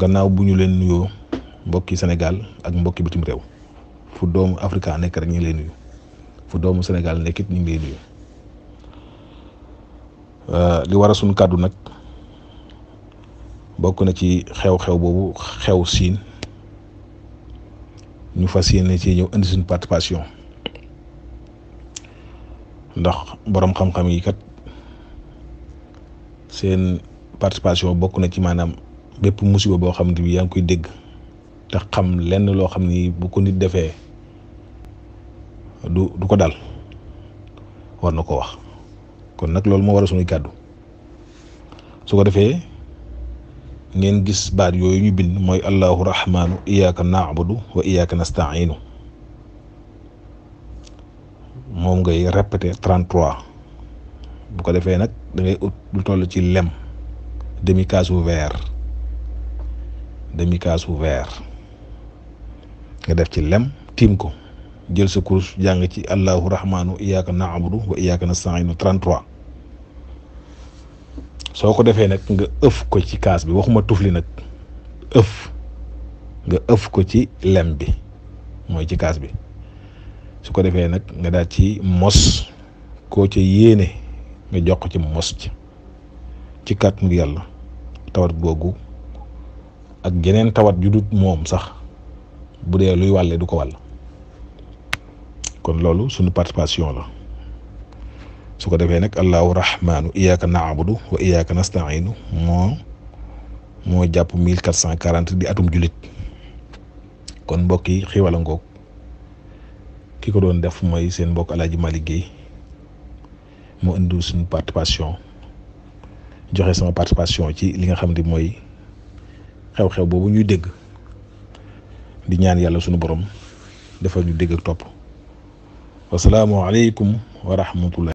gannaaw buñu leen nuyoo mbokki Sénégal ak mbokki bitim réew fu doomu Afrika nekk rek ñu ngi lay nuyu fu doomu Sénégal nekk it ñu ngi nuyu euh, li war a suñ kàddu nag bokk na ci xew-xew boobu xew siin ñu fas yéene ci ñëw indi suñ participation ndax boroom xam-xam yi kat seen participation bokk na ci manam bepp musiba bo xamni bi yang koy deg te xam lenn lo xamni bu ko nit defé du du ko dal war na ko wax kon nak lolou mo wara a suñuy su ko defé ngeen gis baat yoy ñu bind moy allahur rahmaanu iyyaka na'budu wa iyyaka nastainu mom ngay répéter 33 bu ko defé nak da ngay ut lu toll ci lem demi casu verre demi casu verre nga def ci lem tiim ko jël sa kurus jàng ci allahu rahmaanu iyyaka na'budu wa iyyaka nasta'inu 33 soo ko defee nag nga ëf ko ci kaas bi waxuma tufli nag ëf nga ëf ko ci lem bi mooy ci kaas bi su ko defee nag nga daal ci mos koo ci yéene nga jox ci mos ci ci kàttanu yalla tawat googu ak geneen tawat judut mom moom sax bude luy walé duko wal kon lolu sunu participation la suko defé nak allahur rahman iyyaka na'budu wa iyyaka nasta'in mo mo japp 1440 di atum julit kon mbokki xiwala ngok kiko don def moy sen mbok alaaji Malick mo sunu participation joxe sama participation ci li nga xam ne xew-xew bobu ñuy dégg di ñaan yalla suñu borom defal ñu dégg ak wa rahmatullah